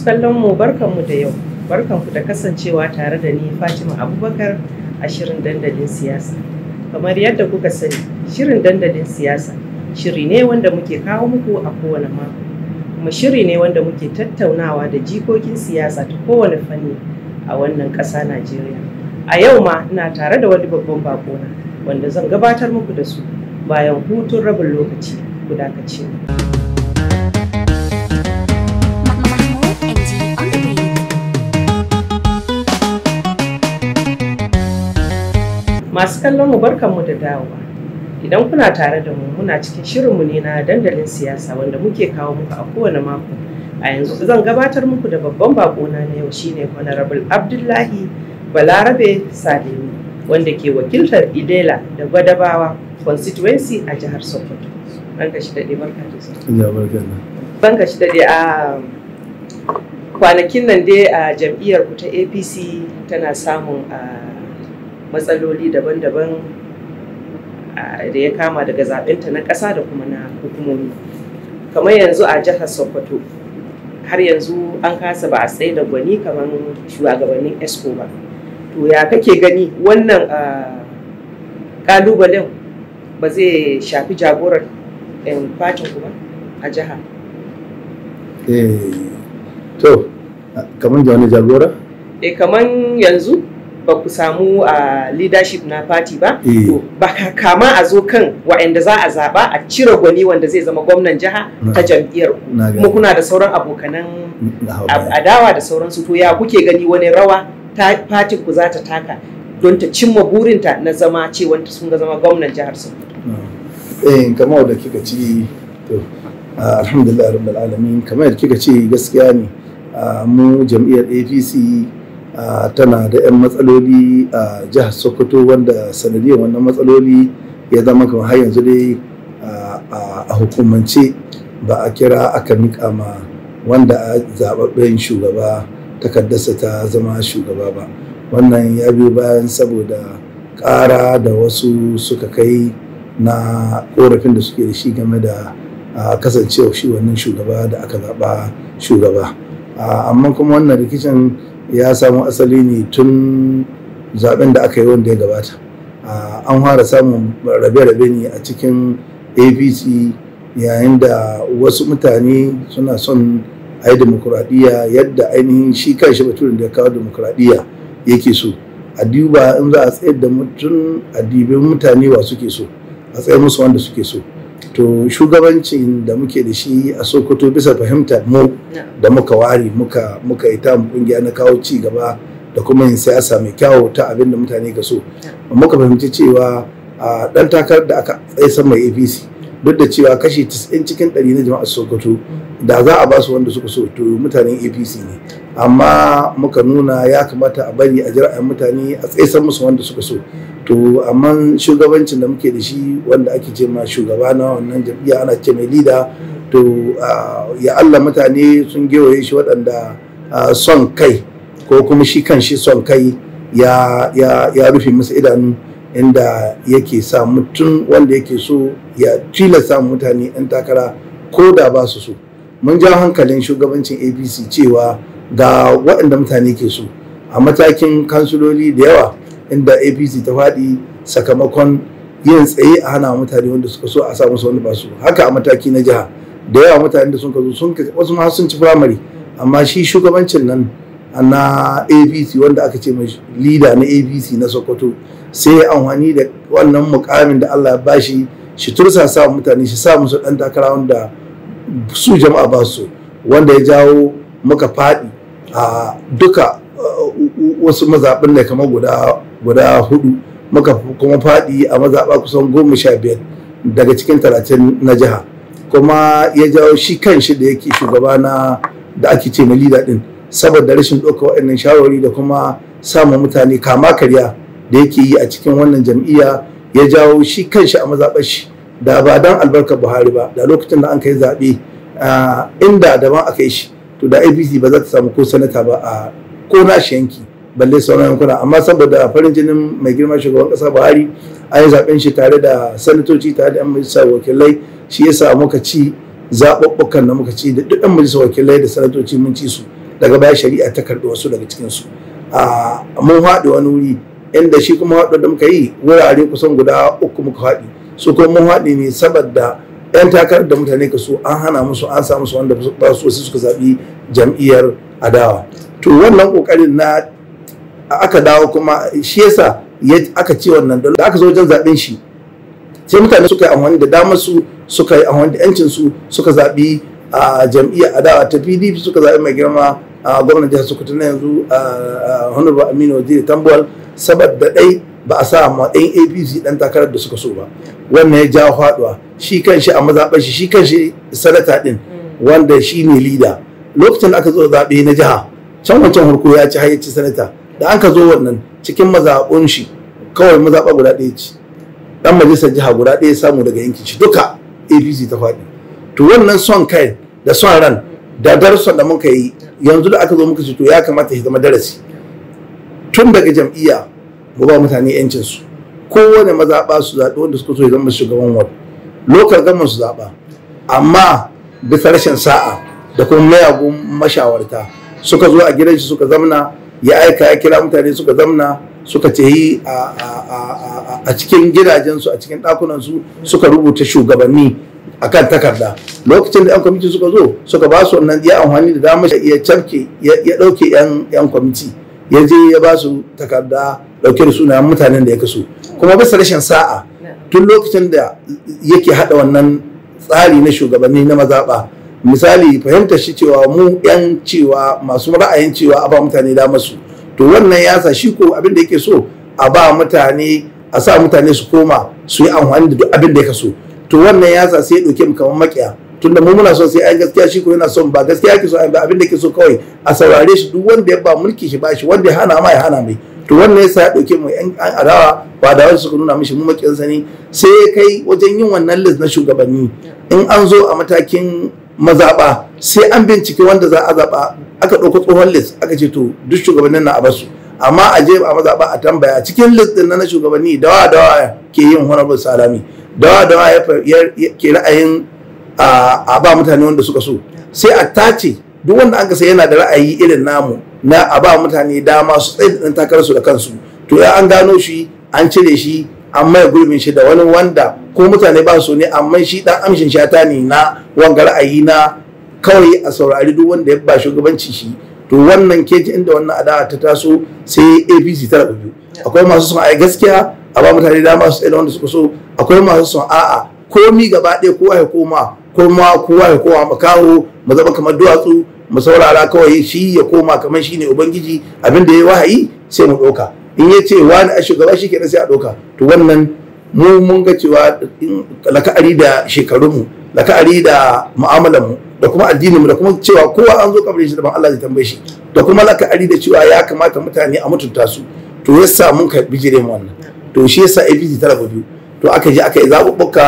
masu kallon mu barkanmu da yau barkanku da kasancewa tare da ni fatima abubakar a shirin dandalin siyasa kamar yadda kuka sani shirin dandalin siyasa shiri ne wanda muke kawo muku a kowane mako kuma shiri ne wanda muke tattaunawa da jikokin siyasa ta kowane fanni a wannan ƙasa najeriya a yau ma ina tare da wani babban bakona wanda zan gabatar muku da su bayan hutun rabin lokaci guda dakace Masu kallon mu barkanmu da dawowa. Idan kuna tare da mu muna cikin shirinmu ne na dandalin siyasa wanda muke kawo muku a kowane mako. A yanzu zan gabatar muku da babban bakona na yau shine Honorable Abdullahi Balarabe Sademi wanda ke wakiltar Idela da Gwadabawa constituency a jihar Sokoto. Ranka shi daɗe barka da su. a kwanakin nan dai a jam'iyyar ku ta APC tana samun a matsaloli daban-daban da ya kama daga zaɓenta na ƙasa da kuma na hukumomi kamar yanzu a jihar sokoto har yanzu an kasa ba a tsaye da gwani kamar shugabannin esco ba to ya kake gani wannan ƙalubalen ba zai shafi jagorar fatin kuma a jiha eh, to kamar da wani jagora? eh kamar yanzu ba ku samu a leadership na party ba eh. to ba kama a zo kan wa'anda za a zaba a cire gwani wanda zai zama gwamnan jiha ta jam'iyyar kuma kuna da sauran abokanan adawa da sauransu to ya kuke gani wani rawa ta party ku za ta taka don ta cimma burinta na zama cewa sun ga zama gwamnan jihar su Eh kamar da kika ci to alhamdulillah rabbil alamin kamar da kika ce gaskiya ne mu jam'iyyar APC tana da 'yan matsaloli a jihar sokoto wanda sanadiyar wannan matsaloli ya zama kamar har yanzu dai a hukumance ba a kira aka miƙa ma wanda a zababben shugaba takaddasa ta zama shugaba ba wannan ya biyo bayan saboda ƙara da wasu suka kai na korafin da suke da shi game da kasancewa shi wannan shugaba da aka zaɓa shugaba amma kuma wannan rikicin ya samu asali ne tun zaben da aka yi wanda ya gabata an fara samun rabe-rabe ne a cikin apc yayin da wasu mutane suna son a yi demokuraɗiyya yadda ainihin shi kan shi baturin da ya kawo demokuraɗiyya yake so a duba in za a tsayar da mutum a dibin mutane wa suke so a tsayar musu wanda suke so to shugabancin da muke da shi a sokoto bisa fahimta mu da muka ware muka muka ita mu kungiya na kawo ci gaba da kuma yin siyasa mai kyau ta abin da mutane ka so muka fahimci cewa a dan takarar da aka tsaye mai apc duk da cewa kashi 90 cikin 100 na jama'ar sokoto mm. da za a ba su wanda suka so to mutanen apc ne amma muka nuna ya kamata a bari a ji mutane a tsaisan musu wanda suka so to amma shugabancin da muke da shi wanda ake ce ma shugaba na wannan jam'iyya ana ce mai lida to ya Allah mutane sun gewaye shi waɗanda son kai ko kuma shi kan shi son kai ya rufe masa idanu inda yake sa mutum wanda yake so ya tilasta mutane 'yan takara ko da ba su so mun ja hankalin shugabancin apc cewa ga waɗanda mutane ke so a matakin kansuloli da yawa inda apc ta faɗi sakamakon yin tsaye a hana mutane wanda suka so a sa musu wanda basu. haka a mataki na jiha da yawa mutane da sun ka zo sun wasu ma sun ci firamare amma shi shugabancin nan na apc wanda aka ce mai leader na apc na sokoto sai ya amfani da wannan mukamin da allah ya bashi shi tursa sa mutane shi sa musu dan takara wanda su jama'a ba su wanda ya jawo muka faɗi a duka uh, wasu mazaɓin ne kamar guda hudu muka kuma faɗi a mazaɓa kusan goma sha biyar daga cikin talatin na jiha kuma ya jawo shi kan shi da yake shugaba na da ake ce na lida din saboda rashin ɗauka waɗannan shawarwari da kuma samun mutane kama karya da yake yi a cikin wannan jam'iyya ya jawo shi kan shi a mazaɓar shi da ba don albarkar buhari ba da lokacin da an kai zaɓe uh, inda daban aka yi shi to da apc ba za ta samu ko sanata ba a ko nashi yanki balle sauran yankuna amma saboda farin jinin mai girma shugaban kasa buhari an yi zaben shi tare da sanatoci tare da yan majalisar wakilai shi yasa muka ci zaɓuɓɓukan da muka ci da duk yan majalisar wakilai da sanatoci mun ci su daga baya shari'a ta karɓi wasu daga cikin su a mun haɗu wani wuri inda shi kuma haɗu da muka yi wurare kusan guda uku muka haɗi su kuma mun haɗi ne saboda yan takarar da mutane ka so an hana musu an sa musu wanda ba su suka zaɓi jam'iyyar adawa to wannan ƙoƙarin na aka dawo kuma shi yasa aka ce wannan da aka zo wajen zaɓen shi sai mutane suka yi amfani da damar su suka yi amfani da yancin su suka zaɓi a jam'iyyar adawa ta pdp suka zaɓi mai girma a gwamnan jihar sokoto na yanzu honorable aminu waziri tambuwal saboda ɗai ba a sa amma ɗan apc dan takarar da suka so ba wannan ya jawo faduwa shi kanshi a mazaɓar shi shi kanshi sanata din mm. wanda shi ne lida lokacin da aka zo zaɓe na jiha can wancan harko ya ci hayyaci sanata da aka zo wannan cikin mazaɓun shi kawai mazaɓa guda ɗaya ci dan majalisar jiha guda ɗaya samu daga yankin shi duka apc ta faɗi to wannan son kai da son ran da darussan da muka yi yanzu da aka zo muka ci to ya kamata ya zama darasi tun daga jam'iyya ba ba mutane yancin su kowane mazaɓa su zaɓi wanda suka so ya zama shugaban wani lokal gaman su zaɓa amma bisa rashin sa'a da kuma mayagun mashawarta suka zo a gidan shi suka zamna ya aika ya kira mutane suka zamna suka ce yi a cikin gidajen su a cikin su suka rubuta shugabanni a kan takarda lokacin da 'yan kwamiti suka zo suka ba su wannan ya amfani da damar ya cafke ya ɗauke 'yan kwamiti ya je ya ba su takarda dauke da sunayen mutanen da ya kaso kuma bisa rashin sa'a tun lokacin da yake hada wannan tsari na shugabanni na mazaba misali fahimtar shi cewa mu yan cewa masu ra'ayin cewa a ba mutane da masu to wannan ya sa shi ko abin da yake so a ba mutane a sa mutane su koma su yi amfani da duk abin da ya kaso to wannan ya sa sai ya ɗauke mu kamar makiya tunda mu muna son sai ai gaskiya shi ko yana son ba gaskiya ke so ba abin da ke so kawai a saurare shi duk wanda ya ba mulki shi ba shi wanda ya hana ma ya hana mai to wannan yasa ya dauke mu yan adawa ba da wasu nuna mishi mu makin sani sai ya kai wajen yin wannan list na shugabanni in an zo a matakin mazaɓa sai an bincike wanda za a zaɓa aka ɗauko tsohon list aka ce to duk shugabannin na a basu amma a je a mazaɓa a tambaya cikin list ɗin na shugabanni dawa dawa ke yin honorable salami dawa dawa ke ra'ayin a ba mutane wanda suka so sai a tace duk wanda aka sai yana da ra'ayi irin namu na a ba mutane dama su tsaye da su da kansu to ya an gano shi an cire shi an maye gurbin shi da wani wanda ko mutane ba su ne amma shi dan amshin shata ne na wanga ra'ayi na kawai a saurari duk wanda ya ba shugabanci shi to wannan keji inda wannan adawa ta taso sai apc ta rabu akwai masu son ai gaskiya a ba mutane dama su tsaye da wanda suka so akwai masu son a'a komi gaba ɗaya ko ai koma kuma kowa ya koma makaho mu zama kamar duwatsu mu saurara kawai shi ya koma kamar shine ubangiji abin da ya wahayi sai mu doka in ya ce wani a shugaba shi kenan sai a doka to wannan mu mun ga cewa laka'ari da shekarunmu laka'ari da mu da kuma addininmu da kuma cewa kowa an zo kamar shi da ban Allah zai tambaye shi da kuma laka'ari da cewa ya kamata mutane a mutunta su to yasa mun ka bijire mu wannan to shi yasa APC ta rabu biyu to aka je aka yi zaɓuɓɓuka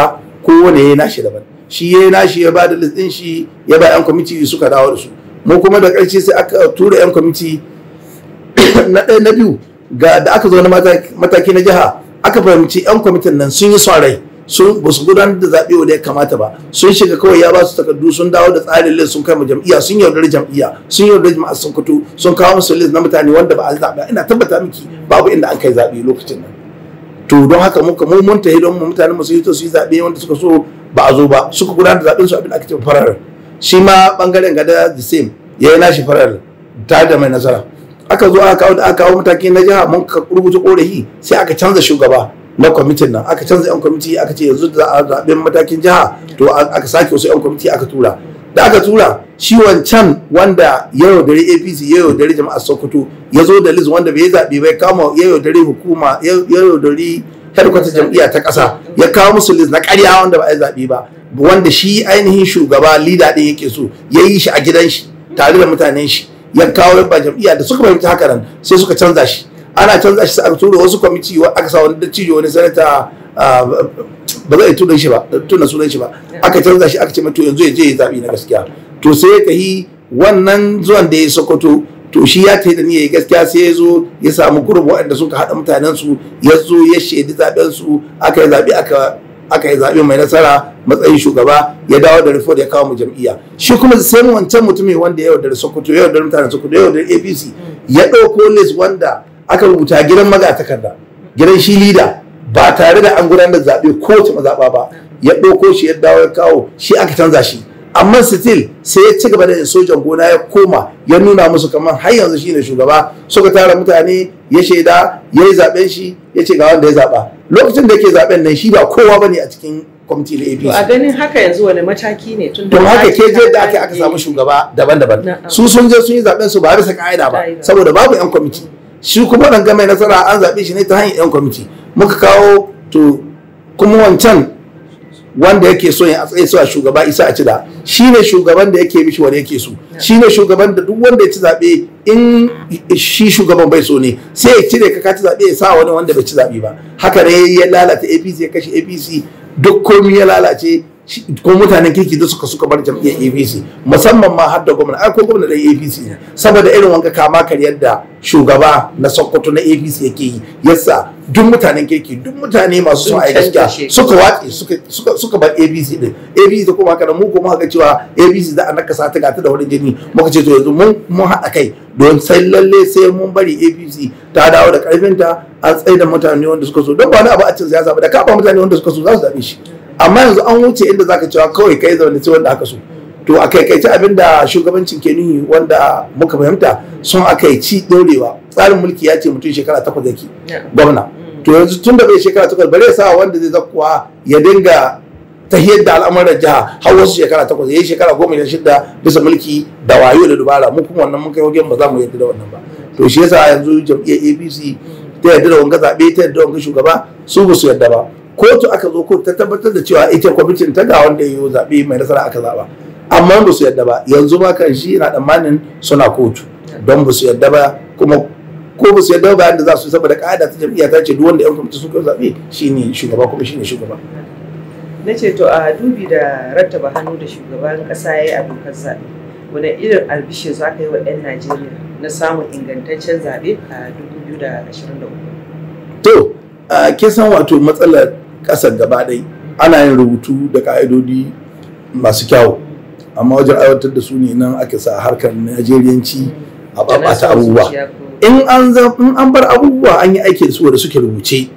kowane ya nashi daban shi ya na shi ya ba da listin shi ya ba yan kwamiti suka dawo da su mu kuma da ƙarshe sai aka tura yan kwamiti na ɗaya na biyu ga da aka zo na mataki na jiha aka fahimci yan kwamitin nan sun yi sarai sun ba su gudanar da zaɓe wanda ya kamata ba sun shiga kawai ya ba su takardu sun dawo da tsarin list sun kai kama jam'iyya sun yaudar jam'iyya sun yaudar jama'a sun kutu sun kawo musu lis na mutane wanda ba a zaɓe ina tabbata miki babu inda an kai zaɓe lokacin nan to don haka muka mu mun hidon don mutanen mu su yi to su yi zaɓe wanda suka so ba a zo ba suka gudanar da zaɓen su abin ake cewa farar shi ma bangaren gada the same ya yi nashi farar ta da mai nasara aka zo aka kawo da aka kawo mataki na jiha mun ka rubuta korafi sai aka canza shugaba na kwamitin nan aka canza yan kwamiti aka ce yanzu da zaɓen matakin jiha to aka sake wasu yan kwamiti aka tura da aka tura ciwon can wanda ya yaudari apc ya yaudari jama'ar sokoto ya zo da liz wanda bai zaɓe bai kama ya yaudari hukuma ya yaudari headquarter jam'iyya ta ƙasa ya kawo musu liz na ƙarya wanda ba a zaɓe ba wanda shi ainihin shugaba lida ɗin yake so ya yi shi a gidan shi tare da mutanen shi ya kawo yabba jam'iyya da suka fahimci haka nan sai suka canza shi ana canza shi sai aka tura wasu kwamiti aka sa wani dattijo wani sanata ah, ba zai tuna shi ba tuna sunan shi ba aka canza shi aka ce to yanzu yaje ya zabi na gaskiya to sai ka yi wannan zuwan da ya sokoto to shi ya ta da niyyar gaskiya sai ya zo ya samu gurbin waɗanda suka haɗa mutanen su ya zo ya shaidi zaben su aka yi zabe aka aka yi zaɓe mai nasara matsayin shugaba ya dawo da report ya kawo mu jam'iyya shi kuma sai wancan mutumin wanda ya da sokoto ya da mutanen sokoto ya da apc ya ɗauko list wanda aka rubuta gidan magatakarda gidan shi leader ba tare da an gudanar da zaɓe kowace mazaɓa ba ya ɗauko shi ya dawo ya kawo shi aka canza shi amma still sai ya ci gaba da sojan gona ya koma ya nuna musu kamar har yanzu shine shugaba suka tara mutane ya shaida ya yi zaɓen shi ya ce ga wanda ya zaɓa lokacin da yake zaɓen nan shi ba kowa bane a cikin kwamiti na APC. a ganin haka yanzu wani mataki ne tun da haka ke je da aka aka samu shugaba daban-daban. Su sun je sun yi zaɓen su ba bisa ka'ida ba saboda babu 'yan kwamiti. shi kuma ɗan mai nasara an zaɓe shi ne ta hanyar 'yan kwamiti muka kawo to kuma wancan wanda yake so ya tsaye so a shugaba isa a cida shi ne shugaban da yake mishi wani yake so shi ne shugaban da duk wanda ya ci zaɓe in shi shugaban bai so ne sai ya cire kaka ka ci zaɓe ya sa wani wanda bai ci zaɓe ba haka ne ya lalata apc ya kashe apc duk komi ya lalace ko mutanen kirki da suka suka bar jam'iyyar apc musamman ma har da gwamna ai ko gwamna da apc ne saboda irin wanka kama kar yadda shugaba na sokoto na apc yake yi yasa duk mutanen kirki duk mutane masu son ai gaskiya suka watse suka suka bar apc din apc da kuma haka mu kuma haka cewa apc da an nakasa ta gata da wani jini muka ce to yanzu mun mun haɗa kai don sai lalle sai mun bari apc ta dawo da karfinta an tsaye da mutane wanda suka so don ba wani abu a cikin siyasa ba da kafa mutane wanda suka so za su zabe shi amma yanzu an wuce inda zaka cewa kawai kai zaune ce wanda aka so to a kai kaice abin da shugabancin ke nuni wanda muka fahimta sun aka yi ci daurewa tsarin mulki ya ce mutum shekara takwas yake gwamna to yanzu tun da bai shekara takwas bare sa wanda zai zakuwa ya dinga tahiyar da al'amuran jiha har wasu shekara takwas ya yi shekara goma da shida bisa mulki da wayo da dubara mu kuma wannan mun kai wajen ba za mu yarda da wannan ba to shi yasa yanzu jam'iyyar apc ta yarda da wanga zaɓe ta yarda da wanga shugaba su ba su yarda ba kotu aka zo kotu ta tabbatar da cewa ita kwamitin ta ga wanda ya zaɓe mai nasara aka zaɓa amma ba su yadda ba yanzu ma kan shi yana tsammanin suna kotu don ba su yadda ba kuma ko ba su yadda ba da za su saboda ƙa'ida ta jam'iyya ta ce duk wanda yan kwamitin suka zaɓe shine shugaba kuma shine shugaba na ce to a dubi da rattaba hannu da shugaban ƙasa ya yi a dokar zaɓe wani irin albishir za ka yi wa 'yan najeriya na samun ingantaccen zaɓe a 2023 to a san wato matsalar ƙasar gaba ɗai ana yin rubutu da ka'idodi masu kyau. amma wajen aiwatar da su ne nan ake sa harkar najeriyanci a ɓaɓata abubuwa in an bar abubuwa an yi aiki da su da suke rubuce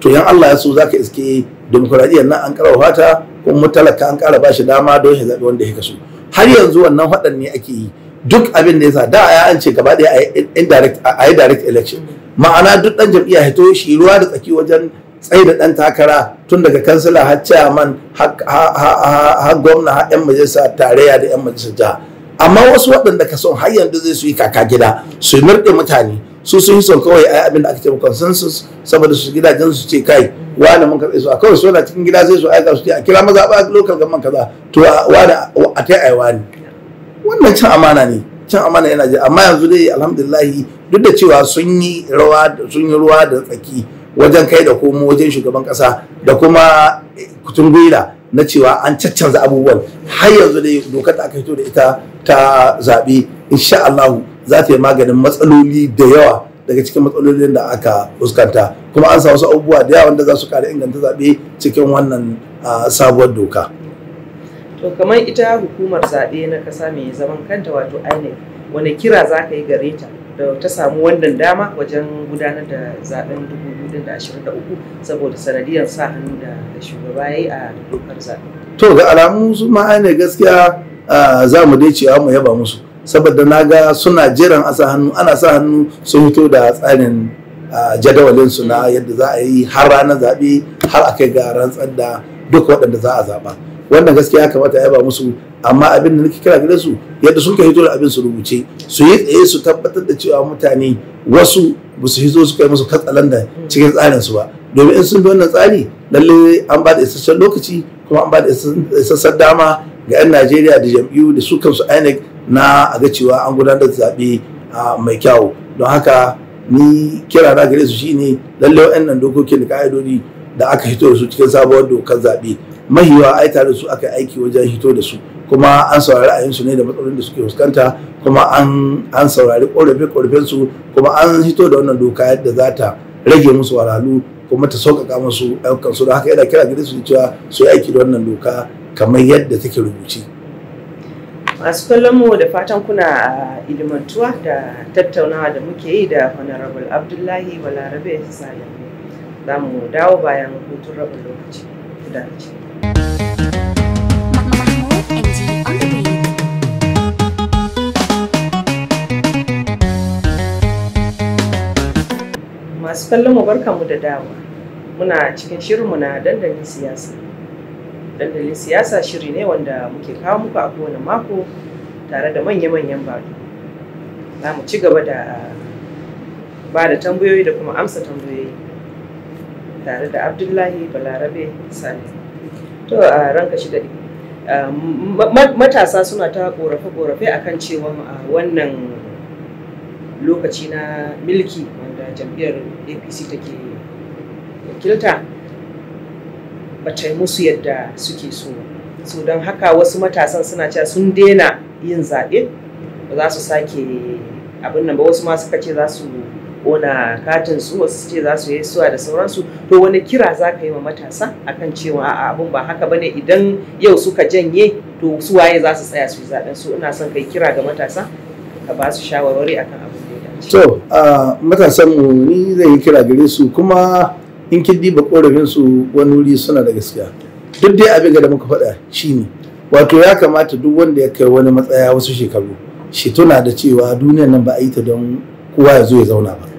to yan Allah ya so zaka iske demokuraɗiyyar nan an ƙara fata kuma mutalaka an ƙara bashi dama don ya zaɓi wanda ya kaso har yanzu wannan faɗan ne ake yi duk abin da ya sa da a an ce gaba ɗaya a yi direct election ma'ana duk ɗan jam'iyya ya hito shi ruwa da tsaki wajen tsaye da ɗan takara tun daga kansila har chairman har gwamna har 'yan majalisa tarayya da 'yan majalisa jiha amma wasu waɗanda ka son har yanzu zai su yi kaka gida su murɗe mutane su sun yi son kawai ai abin da aka ce consensus saboda su gidajen su ce kai wani mun karɓe su a kawai suna cikin gida sai su aika su ce a kira maza ba local government kaza to wani a ta aiwa ne wannan cin amana ne cin amana yana je amma yanzu dai alhamdulillah duk da cewa sun yi yi ruwa da tsaki wajen kai da komo wajen shugaban kasa da kuma eh, kutungwila na cewa an caccanza abubuwan har yanzu dai dokar da aka fito da ita ta zaɓe insha Allah za ta yi maganin matsaloli da yawa daga cikin matsalolin da aka fuskanta kuma an samu abubuwa da yawa wanda za su kare inganta zaɓe cikin wannan sabuwar doka. To kamar ita hukumar zaɓe na ƙasa mai zaman kanta wato INEC wani kira za ka yi gare ta da ta samu wannan dama wajen gudanar da zaben 2023 saboda sanadiyar sa hannu da shugaba yayi a dokar zaɓe. To ga alamu su ma ne gaskiya za mu dai cewa mu yaba musu saboda na ga suna jiran a sa hannu ana sa hannu sun fito da tsarin jadawalin su na yadda za a yi har ranar zaɓe har a kai ga rantsar da duk waɗanda za a zaɓa. wannan gaskiya ya kamata ya ba musu amma abin da nake kira gare su yadda sun ka hito da abin su rubuce su yi tsaye su tabbatar da cewa mutane wasu ba su hito su kai musu katsalandan cikin tsarin su ba domin in sun bi wannan tsari lalle an ba da isasshen lokaci kuma an ba da isasshen dama ga 'yan Najeriya da jam'iyyu da su kansu INEC na a ga cewa an gudanar da zaɓe mai kyau. don haka ni kira na gare su shine lalle wa'annan dokokin da ka'idodi da aka hito da su cikin sabuwar dokar zaɓe mahiwa ai tare su aka aiki wajen hito da su kuma an saurari ra'ayinsu ne da matsalolin da suke fuskanta kuma an saurari korafe su kuma an hito da wannan doka yadda za ta rage musu waralu kuma ta sauƙaƙa musu ɗaukansu da haka yana kira gare su cewa su yi aiki da wannan doka kamar yadda take rubuce. masu kallon mu da fatan kuna ilimantuwa da tattaunawa da muke yi da honorable abdullahi balarabe salim za mu dawo bayan hutun rabin lokaci da masu kallon mu barka mu da dawa muna cikin shirinmu na dandalin siyasa dandalin siyasa shiri ne wanda muke kawo muku a kowane mako tare da manya-manyan baki za mu ci gaba da ba da tambayoyi da kuma amsa tambayoyi tare da abdullahi balarabe sani to a ranka shi matasa suna ta korafe-korafe akan cewa wannan lokaci na milki wanda jam'iyyar apc take wakilta ba ta musu yadda suke so so don haka wasu matasan suna cewa sun daina yin zaɓe ba za su sake abin nan ba wasu ma suka ce za su kona katin su wasu ce za su yi suwa da sauransu to wani kira za ka yi wa matasa akan cewa a abun ba haka bane idan yau suka janye to su waye za su tsaya su yi zaɓen su ina son kai kira ga matasa ka ba su shawarwari akan abin da ya dace. to matasan mu ni zai yi kira gare su kuma in kin diba korafin su wani wuri suna da gaskiya duk dai abin da muka faɗa shi ne. wato ya kamata duk wanda ya kai wani matsaya wasu shekaru shi tuna da cewa duniyar nan ba a yi ta don kowa ya zo ya zauna ba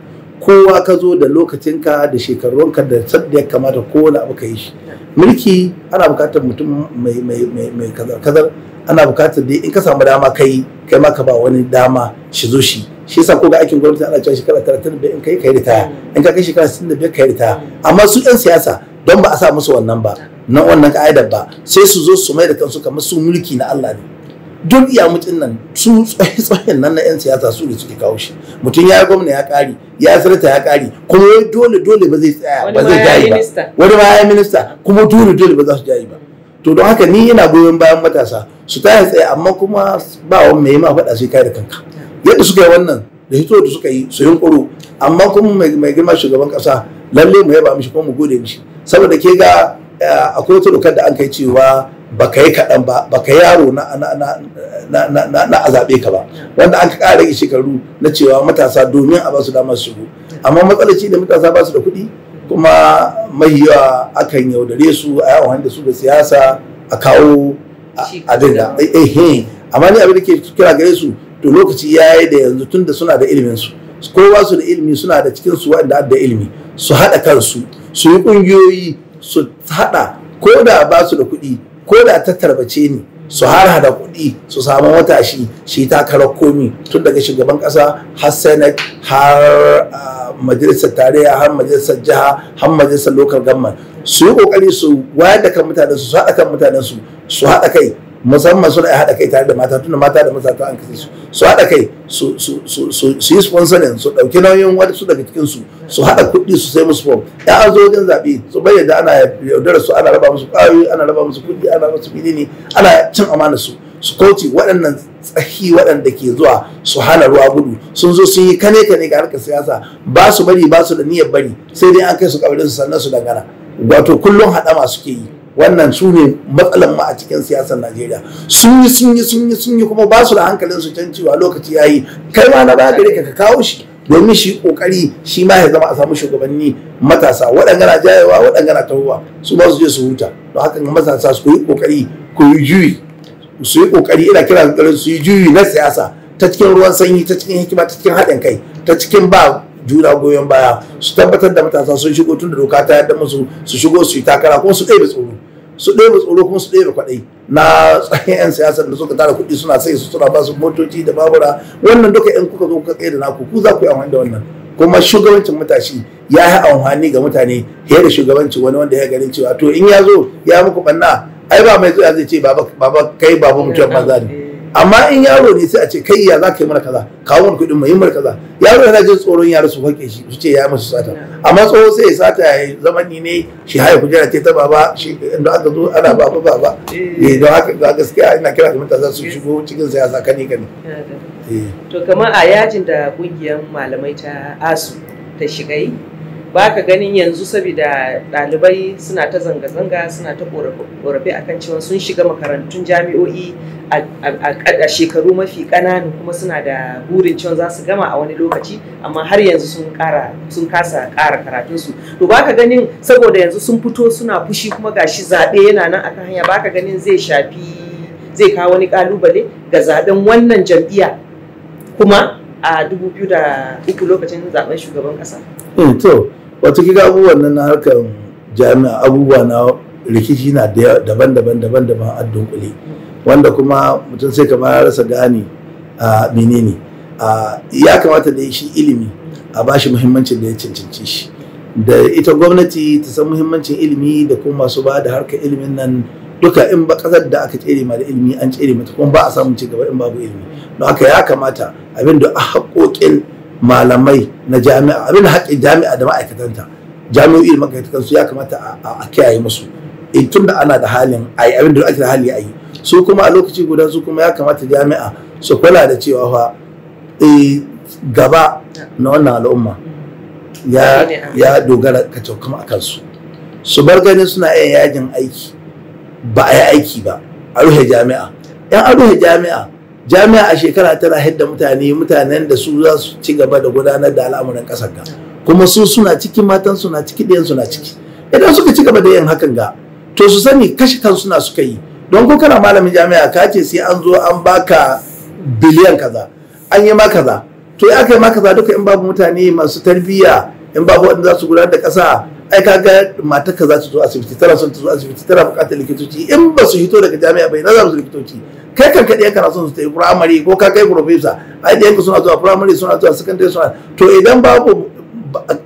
kowa ka zo da lokacinka da shekarunka da sadda ya kamata kowane abu ka yi shi mulki ana bukatar mutum mai mai mai kazar ana bukatar dai in ka samu dama kai kai ma ka ba wani dama shi zo shi shi yasa ko ga aikin gwamnati ana cewa shekara da in kai kai ritaya in ka kai shekara 65 kai taya. amma su yan siyasa don ba a sa musu wannan ba nan wannan ka'idar ba sai su zo su mai da kansu kamar su mulki na Allah ne duk ya mutun nan su tsohon nan na yan siyasa su ne suke kawo shi mutum ya gwamna ya kari ya sarta ya kari kuma dole dole ba zai tsaya ba zai jayi ba wani ba ya minista kuma dole dole ba za su jayi ba to don haka ni yana goyon bayan matasa su taya tsaye amma kuma ba wani mai ma faɗa sai kai kanka yadda suka yi wannan da hito da suka yi su yunkuro amma kuma mai girma shugaban ƙasa lalle mu yaba mishi kuma mu gode mishi saboda ke ga Eh, akwai wata dokar da an kai cewa baka yi kaɗan ba baka yaro na a zaɓe ka ba wanda aka ƙara rage shekaru na cewa matasa domin a basu damar shigo amma matsalar da matasa ba su da kuɗi kuma mai yawa akan yaudare su a yawon da su da siyasa a kawo a dinga eh, eh, amma ni abin da ke kira gare su to lokaci ya yi da yanzu tunda suna da ilimin su kowa su da ilimi suna da cikin su waɗanda da ilimi su haɗa kansu su yi ƙungiyoyi su haɗa ko da ba su da kuɗi ko da ta tarbace ni su har hada kuɗi su samu matashi shi takarar komi tun daga shugaban ƙasa har senate har majalisar tarayya har majalisar jiha har majalisar Lokal government su yi ƙoƙari su wayar da kan mutanen su haɗa kan mutanen su su haɗa kai musamman suna ya haɗa kai tare da mata tunda mata da maza ta an kasa su haɗa kai su yi sponsorin su ɗauki nauyin wasu daga cikin su su haɗa kuɗi su sai musu form ya an zo wajen zaɓe su bayyana ana yaudarar su ana raba musu ƙwayoyi ana raba musu kuɗi ana raba musu ne ana cin amana su su kauce waɗannan tsahi waɗanda ke zuwa su hana ruwa gudu sun zo sun yi kane kane ga harkar siyasa ba su bari ba su da niyyar bari sai dai an kai su kabarin su sannan su dangana wato kullum haɗama suke yi wannan su ne matsalan ma a cikin siyasar najeriya sun yi sun yi sun yi sun yi kuma ba su da hankalin su can cewa lokaci ya yi kai ma na ba gare ka kawo shi domin shi kokari shi ma ya zama a samu shugabanni matasa waɗanda na jayewa waɗanda na tahowa su ba su je su huta don haka matasa su yi kokari ku yi juyi su yi kokari ina kira su yi juyi na siyasa ta cikin ruwan sanyi ta cikin hikima ta cikin haɗin kai ta cikin ba juna goyon baya su tabbatar da matasa sun shigo tun da doka ta yadda musu su shigo su yi takara kuma su ɗaya tsoro su ɗaya tsoro kuma su ɗaya kwaɗayi na tsayin 'yan siyasar da suka tara kuɗi suna sai su suna basu motoci da babura wannan duka 'yan kuka zo kuka kai da naku ku za ku yi amfani da wannan kuma shugabancin matashi ya yi amfani ga mutane fiye da shugabancin wani wanda ya ganin cewa to in ya zo ya muku banna ai ba mai zuwa zai ce baba kai baba mutuwar maza ne amma in yaro ne sai a ce kai ya za ka yi mana kaza kawo mana kuɗin muhimmar kaza yaro yana jin tsoron yaro su fake shi su ce ya masu sata amma tsoho sai ya sata ya yi zamani ne shi haya kujera ce ta baba shi inda aka zo ana baba baba eh don haka ga gaskiya ina kira ga za su shigo cikin siyasa kani kani eh. to kamar a yajin da kungiyar malamai ta asu ta shiga yi ba ka ganin yanzu saboda ɗalibai suna ta zanga-zanga suna ta ƙorafi kan cewa sun shiga makarantun jami'o'i a shekaru mafi ƙananu kuma suna da burin cewa za su gama a wani lokaci amma har yanzu sun kasa ƙara karatunsu to ba ka ganin saboda yanzu sun fito suna fushi kuma gashi zaɓe yana nan akan hanya ba ka ganin zai shafi zai kawo wani ƙalubale ga zaɓen wannan jam'iyya kuma a 2003 lokacin zaben shugaban ƙasa. Eh, to wata kiga abubuwan nan na harkar jami'a abubuwa na rikici na daban-daban daban-daban a dunkule wanda kuma mutum sai kamar ya rasa gani a menene ya kamata da shi ilimi a bashi muhimmancin da ya cancanci shi da ita gwamnati ta san muhimmancin ilimi da kuma masu ba da harkar ilimin nan duka in ba kasar da aka tsere ma da ilimi an tsere mata kuma ba a samun ci gaba in babu ilimi don haka ya kamata abin da a haƙoƙin malamai na jami'a abin haƙƙin jami'a da ma'aikatanta jami'o'i da ma'aikatan su ya kamata a kiyaye musu in eh, tunda ana da halin ayi abin da ake da hali ayi su kuma a lokaci guda su kuma ya kamata jami'a su kula da cewa fa eh, gaba na wannan al'umma ya dogara ka kuma a kansu su bar ganin suna iya yajin aiki ba a yi aiki ba a ruhe jami'a yan a ruhe jami'a jami'a a shekara tana hidda mutane mutanen da su za su ci gaba da gudanar da al'amuran ƙasar ka kuma su suna ciki matan suna ciki ɗayan suna ciki idan suka ci gaba da yin hakan ga to su sani kashe kan suna suka yi don ko kana malamin jami'a ka ce sai an zo an baka biliyan kaza an yi ma kaza to ya aka yi ma kaza duka in babu mutane masu tarbiyya in babu wanda za su gudanar da ƙasa ai kaga matarka za ta zo asibiti tana son zo asibiti tana bukatar likitoci in ba su hito daga jami'a bai na za su likitoci kai kan kaɗai kana son su ta yi firamare ko ka kai profesa ai da suna zuwa firamare suna zuwa sakandare suna to idan babu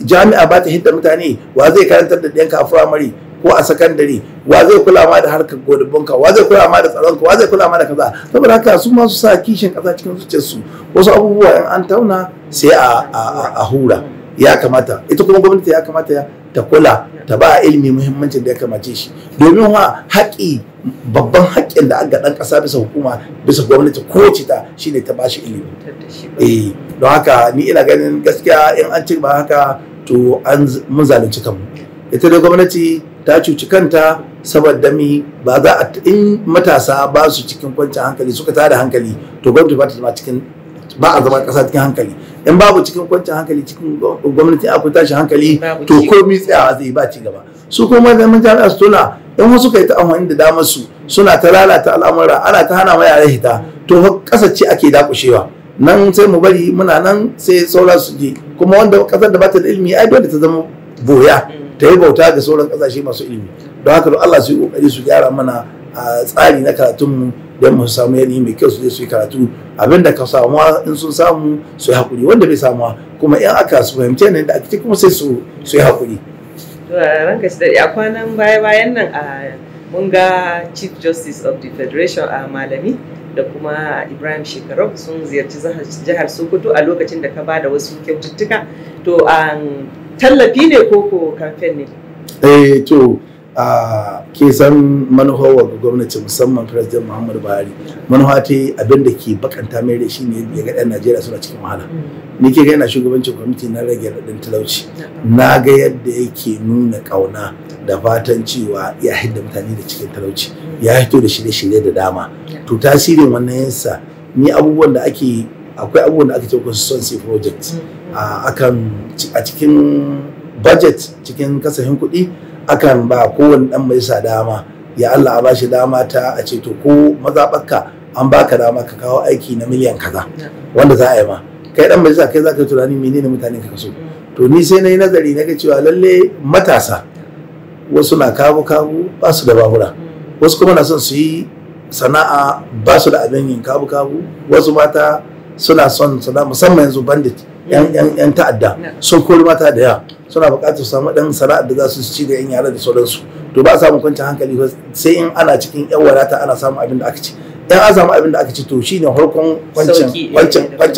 jami'a ba ta hidda mutane wa zai karantar da ɗayanka a firamare ko a sakandare wa zai kula ma da harkar godubinka wa zai kula ma da tsaronka wa zai kula ma da kaza saboda haka su ma su sa kishin ƙasa cikin zuciyarsu wasu abubuwa in an tauna sai a hura ya kamata ita kuma gwamnati ya kamata ta kula ta ba ilimi muhimmancin da ya kamace shi domin wa haƙi babban haƙƙin da aka ɗan ƙasa bisa hukuma bisa gwamnati ko ta shine ta bashi ilimi eh don haka ni ina ganin gaskiya in an ci ba haka to an mun zalunci kanmu ita da gwamnati ta cuci kanta saboda mi ba za a in matasa ba su cikin kwanci hankali suka tada hankali to gwamnati ba ta zama cikin ba a zama ƙasa cikin hankali in babu cikin kwancin hankali cikin gwamnati akwai tashin hankali to komi tsayawa zai ba ci gaba su kuma da mun jami'a su tona in wasu kai ta amfani da damar su suna ta lalata al'amura ana ta hana ma yare hita to kasa ce ake dakushewa nan sai mu bari muna nan sai saura su je kuma wanda ƙasar da ba ta da ilimi ai dole ta zama boya ta yi bauta ga sauran kasashe masu ilimi don haka Allah su yi ƙoƙari su gyara mana ah, tsari na karatunmu don mu samu yanayi mai kyau su je su yi karatu Abinda ka samu in sun samu su yi hakuri wanda bai samu kuma in aka su fahimci yanayin da ake kuma sai su yi hakuri. To ranka shi daɗi a kwanan baya-bayan nan a mun ga chief justice of the federation a malami da kuma ibrahim shekarau sun ziyarci jihar sokoto a lokacin da ka ba da wasu kyaututtuka to tallafi ne ko ko ne. eh to A ke san ga gwamnati musamman president muhammadu buhari manufa ta abin da ke bakanta mai da shi ne ya ga 'yan najeriya suna cikin wahala ni ke gaina shugabancin kwamiti na rage raɗin talauci na ga yadda yake nuna ƙauna da fatan cewa ya da mutane da cikin talauci ya hito da shirye-shirye da dama to tasirin wannan yansa ni abubuwan da ake akwai abubuwan da ake ce sai project a cikin budget cikin kasafin kuɗi akan ba kowane dan mai sa dama ya Allah a bashi dama ta a ce to ko maza bakka an baka dama ka kawo aiki na miliyan kaza wanda za a yi ma kai dan mai sa kai za ka yi tunani menene mutane ka kaso. to ni sai na yi nazari na ga cewa lalle matasa wasu na kago kago ba su da babura wasu kuma na son su yi sana'a ba su da abin yin kabu kabu wasu mata suna son sana musamman yanzu bandit yan ta'adda sun mata da yawa suna buƙatar su samu ɗan sana'ar da za su ci da yan yara da sauransu to ba a samu kwanci hankali ba sai in ana cikin yan wadata ana samu abin da aka ci yan an samu abin da aka ci to shine harkon kwancin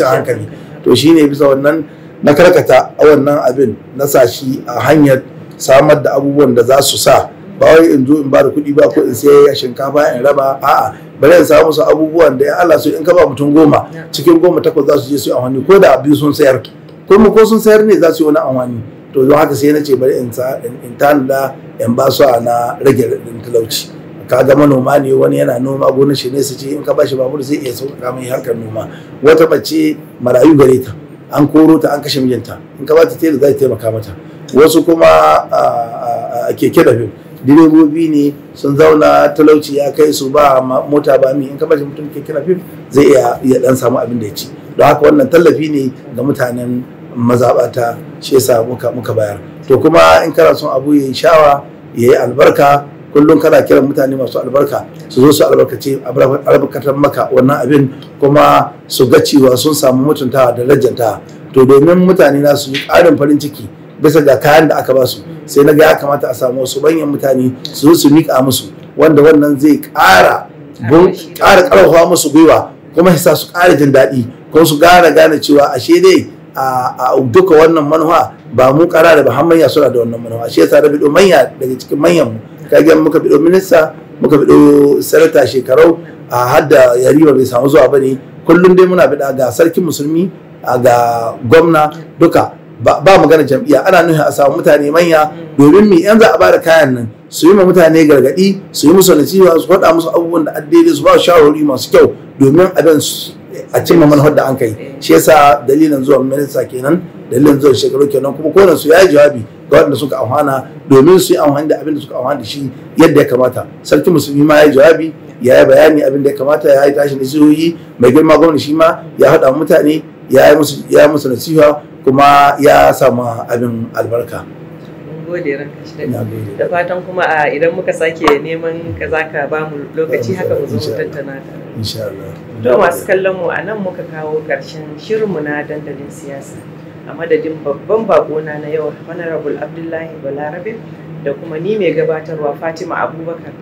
hankali to shine bisa wannan na karkata a wannan abin na sashi a hanyar samar da abubuwan da za su sa ba in zo in ba da kuɗi ba ko in sai shinkafa in raba a'a bari in samu su abubuwan da ya Allah so in ka ba mutum goma cikin goma takwas za su je su yi amfani ko da abin sun sayar mu ko sun sayar ne za su yi wani amfani to don haka sai na ce bari in tanada in ba su na rage raɗin talauci kaga manoma ne wani yana noma gonar shi ne su ce in ka ba bashi babur zai iya sauƙaƙa mai harkar noma wata bace marayu gare ta an koro ta an kashe mijinta in ka ba ta tela za ta taimaka mata wasu kuma a keke da biyu. direbobi ne sun zauna talauci ya kai su ba mota ba mi in ka bashi mutum keke fim zai iya ya dan samu abin da ya ci don haka wannan tallafi ne ga mutanen mazabata shi yasa muka muka bayar to kuma in kana son abu ya yi shawa ya yi albarka kullum kana kiran mutane masu albarka su zo su albarkace albarkatar maka wannan abin kuma su ga cewa sun samu mutuntawa da rajanta to domin mutane na su yi ƙarin farin ciki bisa ga kayan da aka ba su sai naga ga ya kamata a samu wasu banyan mutane su su mika musu wanda wannan zai ƙara ƙara ƙarfafa musu gwiwa kuma sa su ƙara jin daɗi kuma su gara gane cewa ashe dai a duka wannan manuwa ba mu ƙara da ba ya suna da wannan manuwa ashe yasa da bido manya daga cikin manyan mu kage muka bido minista muka bido sarata shekarau a hadda yarima bai samu zuwa ba ne. kullum dai muna bida ga sarkin musulmi ga gwamna duka ba magana jam'iyya ana nuna a samu mutane manya domin mi yanzu a bada kayan nan su yi ma mutane gargadi su yi musu nasiha su faɗa musu abubuwan da addini su ba shawarwari masu kyau domin abin a cimma manufar da an kai shi yasa dalilin zuwa minista kenan dalilin zuwa shekaru kenan kuma kowane su ya yi jawabi ga waɗanda suka amfana domin su yi amfani da abin da suka amfana da shi yadda ya kamata sarki musulmi ma ya yi jawabi ya yi bayani abin da ya kamata ya yi tashi nasihohi mai girma gwamna shi ma ya haɗa mutane ya yi musu nasiha kuma ya samu abin albarka gode da fatan kuma a idan muka sake neman ka za ka ba mu lokaci haka mu zo mu tattauna ta insha Allah to masu kallon mu a nan muka kawo karshen shirinmu na dandalin siyasa a madadin babban bakona na yau honorable abdullahi balarabe da kuma ni mai gabatarwa fatima abubakar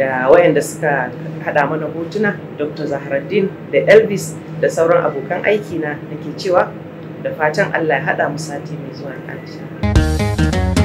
da wayanda suka haɗa mana hotuna dr zaharaddin da elvis da sauran abokan aiki na nake cewa da fatan Allah ya haɗa mu sati mai zuwa Aisha.